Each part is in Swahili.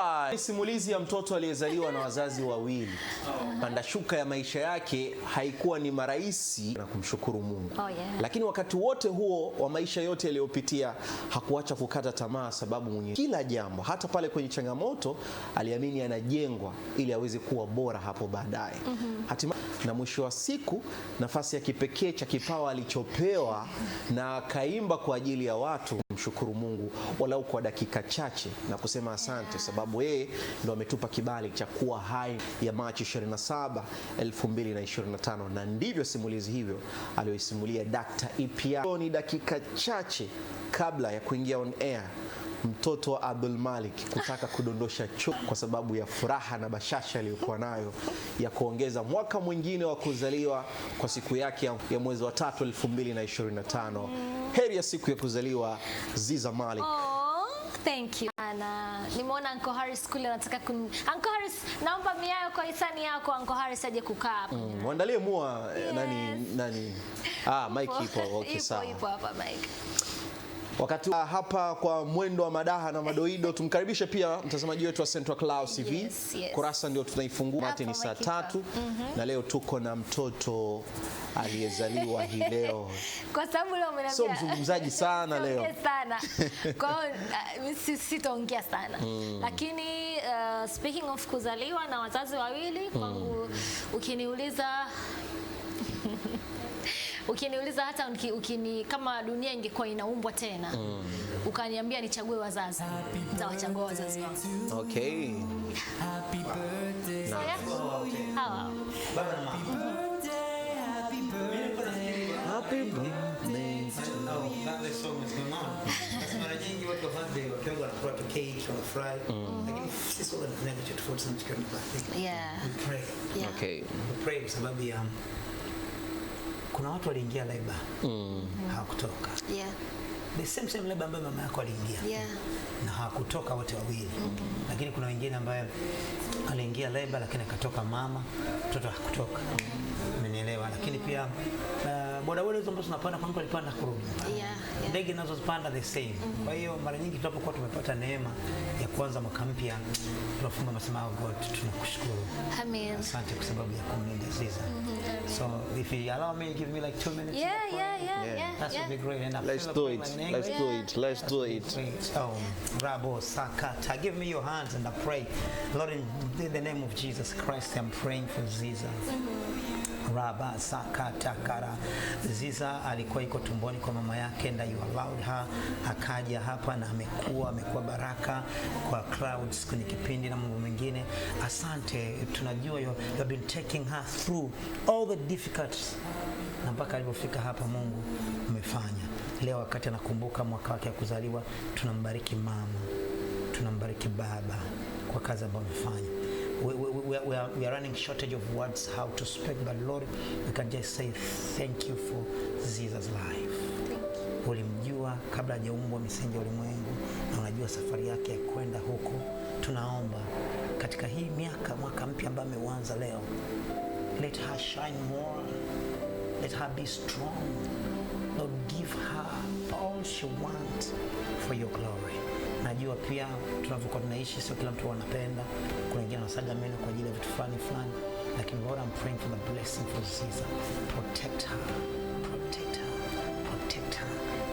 Alright. Simulizi ya mtoto aliyezaliwa na wazazi wawili. Oh. Panda shuka ya maisha yake haikuwa ni marahisi na kumshukuru Mungu. Oh, yeah. Lakini wakati wote huo wa maisha yote yaliyopitia hakuacha kukata tamaa, sababu mwenye kila jambo, hata pale kwenye changamoto, aliamini anajengwa ili aweze kuwa bora hapo baadaye. Mm -hmm. Hatimaye na mwisho wa siku nafasi ya kipekee cha kipawa alichopewa na akaimba kwa ajili ya watu, mshukuru Mungu walau kwa dakika chache na kusema asante, sababu sababu yeye ndo ametupa kibali cha kuwa hai ya Machi 27, 2025 na ndivyo simulizi hivyo aliyoisimulia Dr. E Ipia. Ni dakika chache kabla ya kuingia on air mtoto wa Abdul Malik kutaka kudondosha cho kwa sababu ya furaha na bashasha aliyokuwa nayo ya kuongeza mwaka mwingine wa kuzaliwa kwa siku yake ya mwezi wa tatu 2025. Heri ya siku ya kuzaliwa Ziza Malik. Oh. Thank you. Ana, nimeona Uncle Harris kule anataka kun... Uncle Harris, naomba miayo kwa hisani yako Uncle Harris aje kukaa hapa. Mm, muandalie mua eh, yes. Nani nani? Ah, Mike ipo. Okay, sawa. Ipo ipo hapa Mike. Wakati hapa kwa mwendo wa madaha na madoido, tumkaribishe pia mtazamaji wetu wa Central Clouds TV. Yes, yes. Kurasa ndio tunaifungua mate ni saa tatu mm -hmm. na leo tuko na mtoto aliyezaliwa hii leo kwa sababu leo umeambia, so mzungumzaji sana leo sana kwa hiyo uh, sitaongea sana mm. Lakini uh, speaking of kuzaliwa na wazazi wawili hmm. kwangu mm. ukiniuliza Ukiniuliza hata ukini, ukini, kama dunia ingekuwa inaumbwa tena mm. ukaniambia nichague wazazi, nitawachagua wazazi wangu. Okay. Happy birthday. Hawa. okay. Happy birthday. Okay. Mm. Yeah. Okay kuna watu waliingia leba mm. hawakutoka yeah. the same same leba ambayo mama yako aliingia yeah. na hawakutoka wote wawili mm -hmm. lakini kuna wengine ambayo aliingia leba lakini akatoka mama mtoto hakutoka, mm-hmm. menelewa lakini pia uh, bodaboda hizo ambazo tunapanda kuna mtu alipanda kurudi, ndege nazo zipanda the same. Mm -hmm. Kwa hiyo mara nyingi tunapokuwa tumepata neema ya kuanza mwaka mpya tunafunga masema God, tunakushukuru Amen. asante kwa sababu ya kumlinda Caesar. Mm-hmm. So if you allow me give me like two minutes yeah, yeah, yeah, yeah, yeah. That would be great and let's do it let's do it let's do it oh rabo sakata give me your hands and I pray Lord in the name of Jesus Christ I'm praying for Mm -hmm raba takara Ziza alikuwa iko tumboni kwa mama yake and you allowed her, akaja hapa na amekuwa amekuwa baraka kwa Clouds kwenye kipindi na mambo mengine. Asante, tunajua you have been taking her through all the difficulties na mpaka alipofika hapa Mungu umefanya. Leo wakati anakumbuka mwaka wake wa kuzaliwa, tunambariki mama, tunambariki baba kwa kazi ambayo amefanya we, we, we, are, we, are, we are running shortage of words how to speak, but Lord, we can just say thank you for Jesus life ulimjua kabla ajaumbwa misingi ya ulimwengu na unajua safari yake ya kwenda huko. Tunaomba katika hii miaka mwaka mpya ambayo ameuanza leo, let her shine more, let her be strong. Lord, give her all she wants for your glory. Najua pia tunavyokuwa tunaishi, sio kila mtu anapenda kuna wengine wanasaga meno kwa ajili ya vitu fulani fulani, lakini Lord, I'm praying for the blessing for Ziza. Protect her, protect her, protect her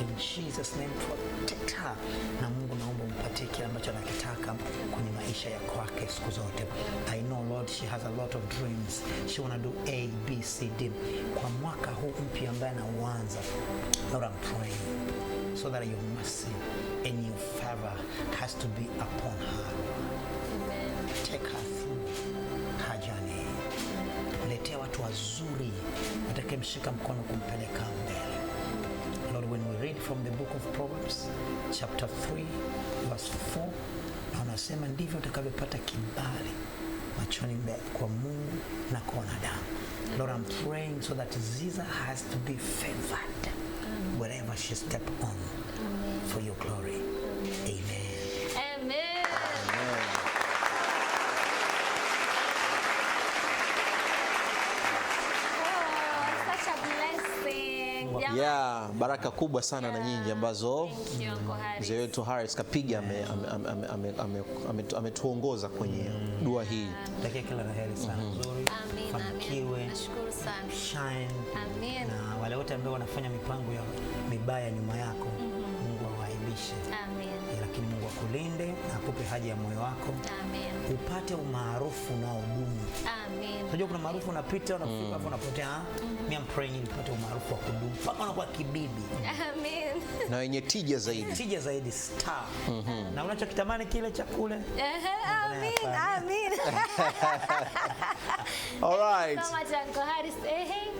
in Jesus name, protect her. Na Mungu naomba umpatie kile ambacho anakitaka kwenye maisha ya kwake siku zote. I know Lord, she has a lot of dreams, she wanna do A, B, C, D kwa mwaka huu mpya ambaye anauanza. Lord, I'm praying so that your mercy and your favor has to be upon her teka hajani, letea watu wazuri atakayemshika mkono kumpeleka mbele. Lord, when we read from the book of Proverbs chapter 3 verse 4, na unasema ndivyo utakavyopata kibali machoni kwa Mungu na kwa wanadamu. Lord, I'm praying so that Ziza has to be favored wherever she step on for your glory. Amen. yeah, baraka kubwa sana yeah, na nyingi ambazo mzee wetu Harris Kapiga ametuongoza kwenye mm. dua hii. Takia kila la heri sana mm-hmm. nzuri, fanikiwe, shine na wale wote ambao wanafanya mipango ya mibaya nyuma yako mm -hmm akuimarishe Amen. Eh, lakini Mungu akulinde na akupe haja ya moyo wako Amen. Upate umaarufu na udumu. Amen. Unajua kuna maarufu unapita na kufika hapo mm. unapotea. Ah? Mimi mm-hmm. am praying ili upate umaarufu wa kudumu mpaka unakuwa kibibi Amen. na yenye tija zaidi, tija zaidi star mm -hmm. na unachokitamani kile cha kule Amen. Amen. All right. Mama Janko Harris. Eh, hey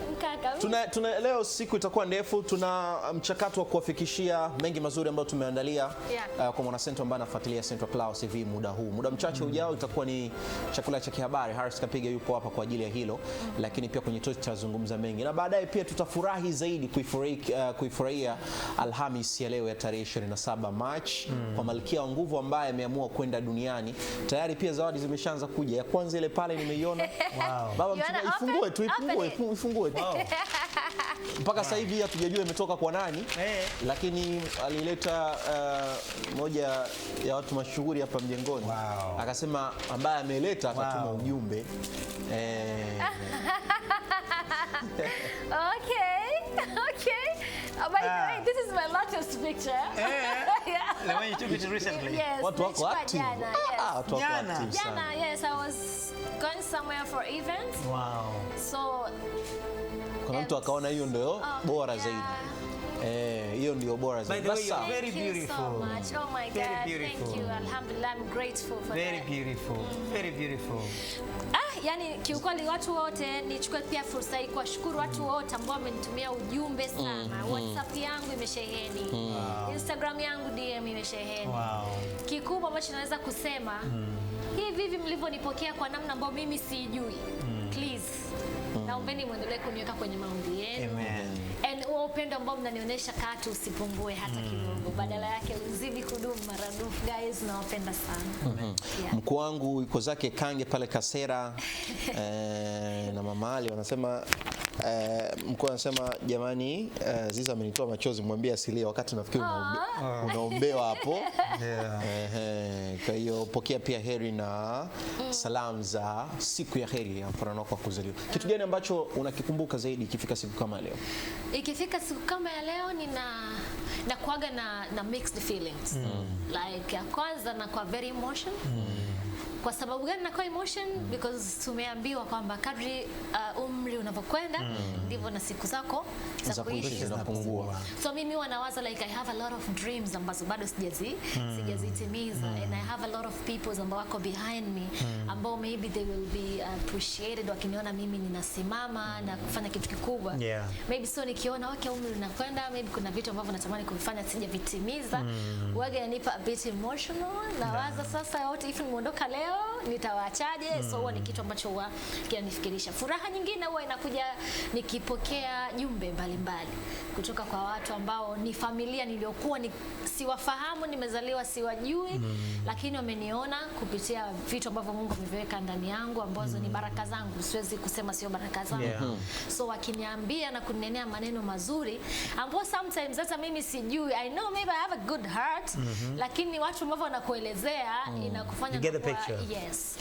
tuna, tuna leo siku itakuwa ndefu, tuna uh, mchakato wa kuwafikishia mengi mazuri ambayo tumeandalia yeah. uh, kwa mwanasento ambaye anafuatilia Central Clouds TV muda huu, muda mchache mm. ujao itakuwa ni chakula cha kihabari. Harris Kapiga yupo hapa kwa ajili ya hilo mm. lakini pia kwenye tochi tutazungumza mengi, na baadaye pia tutafurahi zaidi kuifurahia uh, kuifurahia Alhamis ya leo ya tarehe 27 March mm. kwa malkia wa nguvu ambaye ameamua kwenda duniani. Tayari pia zawadi zimeshaanza kuja, ya kwanza ile pale nimeiona wow. Baba ifungue tu, ifungue ifungue wow. mpaka sasa hivi hatujajua imetoka kwa nani hey. Eh. Lakini alileta uh, moja ya watu mashuhuri hapa mjengoni wow. Akasema ambaye ameleta akatuma wow. ujumbe eh. okay. Okay. Oh ah. this is my latest picture. Eh. The one you took it recently. Yes, watu wako Jana, ah, Jana, yes, I was going somewhere for events. Wow. So kuna mtu akaona hiyo ndio oh, bora zaidi Eh, hiyo ndio bora zaidi. Basi very beautiful. So much. Oh my very God. Beautiful. Thank you. Alhamdulillah, I'm grateful for that. very Beautiful. Very beautiful. Ah, yani kiukweli watu wote nichukue pia fursa hii kuwashukuru watu wote ambao wamenitumia ujumbe sana. Mm, mm. WhatsApp yangu imesheheni. Mm. Instagram yangu DM imesheheni. Wow. Kikubwa ambacho naweza kusema hivi hivi mlivyonipokea kwa namna ambayo mimi sijui. Please naombeni mwendelee kuniweka kwenye maombi yenu. Amen. And huo upendo ambao mnanionyesha katu usipungue hata mm. kidogo, badala yake uzidi kudumu maradufu. Guys, nawapenda sana. mm -hmm. yeah. Mkuu wangu yuko zake Kange pale Kasera eh, na mamali wanasema Uh, mkuu anasema jamani, uh, Ziza amenitoa machozi, mwambie asilie wakati nafikiri ah. unaombewa ah. hapo yeah. Uh, kwa hiyo pokea pia heri na mm. salamu za siku ya heri ya mfano wako kuzaliwa. Kitu gani ambacho unakikumbuka zaidi ikifika siku kama leo? Ikifika siku kama ya leo nina na kuaga na, na mixed feelings mm. like ya kwanza na kwa very emotion mm. Kwa sababu gani na kwa emotion? Because tumeambiwa kwamba kadri uh, umri umri unavyokwenda mm. ndivyo na siku zako za kuishi zinapungua. So mimi huwa nawaza like I have a lot of dreams ambazo bado sijazi mm. sijazitimiza mm. and I have a lot of people ambao wako behind me mm. ambao maybe they will be appreciated wakiniona mimi ninasimama mm. na kufanya kitu kikubwa. Yeah. Maybe so nikiona wake umri unakwenda, maybe kuna vitu ambavyo natamani kuvifanya sijavitimiza. Mm. Wage yanipa a bit emotional na yeah. sasa yote if nimeondoka leo nitawaachaje? Mm. So huwa ni hmm. kitu ambacho huwa kinanifikirisha. Furaha nyingine huwa nakuja nikipokea jumbe mbalimbali kutoka kwa watu ambao ni familia niliyokuwa ni, siwafahamu, nimezaliwa siwajui mm. lakini wameniona kupitia vitu ambavyo Mungu ameviweka ndani yangu ambazo mm. ni baraka zangu, siwezi kusema sio baraka zangu yeah. Hmm. so wakiniambia na kuninenea maneno mazuri ambao sometimes hata mimi sijui, I know maybe I have a good heart mm -hmm. lakini watu ambao wanakuelezea mm. inakufanya yes.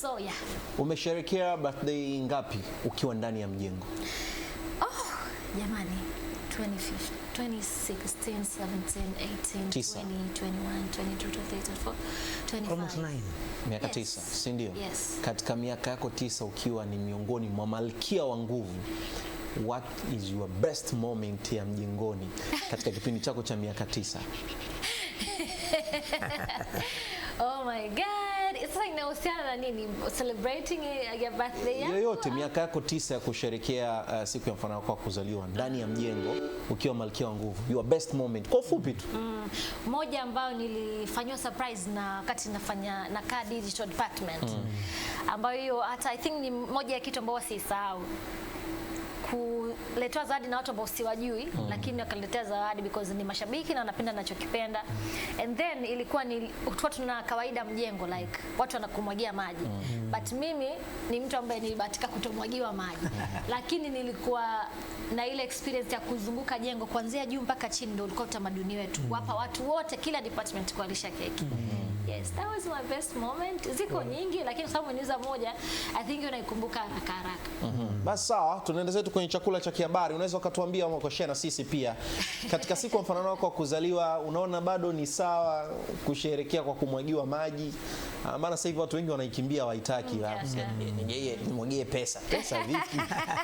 so yeah. Umesherekea birthday ngapi ukiwa ndani ya mjengo? Oh, jamani miaka tisa, si ndio? Yes. Katika miaka yako tisa ukiwa ni miongoni mwa malkia wa nguvu what is your best moment ya mjengoni katika kipindi chako cha miaka tisa? Oh my God sasa inahusiana na nini? Celebrating eh, birthday yako? Yoyote miaka yako tisa ya kusherekea uh, siku ya mfano wako wa kuzaliwa ndani ya mjengo ukiwa malkia wa nguvu. Your best moment. Kwa ufupi tu. Mm. Moja ambayo nilifanywa surprise na wakati nafanya na kaa digital department. Mm. Ambayo hiyo hata I think ni moja ya kitu ambayo sisahau kuletewa zawadi na watu ambao siwajui mm. lakini wakaletea zawadi because ni mashabiki na wanapenda ninachokipenda mm. and then ilikuwa ni tulikuwa tuna kawaida mjengo like watu wanakumwagia maji mm. mm. but mimi ni mtu ambaye nilibahatika kutomwagiwa maji mm. lakini nilikuwa na ile experience ya kuzunguka jengo kuanzia juu mpaka chini, ndio ulikuwa utamaduni wetu mm. wapa watu wote kila department kualisha keki mm. Yes, that was my best moment. Ziko nyingi lakini kwa sababu niuza moja, I think unaikumbuka haraka haraka. Mhm. Mm Basi sawa, tunaendelea tu kwenye chakula cha kihabari. Unaweza ukatuambia au kushare na sisi pia. Katika siku ya mfanano wako wa kuzaliwa, unaona bado ni sawa kusherehekea kwa kumwagiwa maji? Ah, maana sasa hivi watu wengi wanaikimbia waitaki. Mm, ah, mm, yeye nimwagie pesa. Pesa vipi?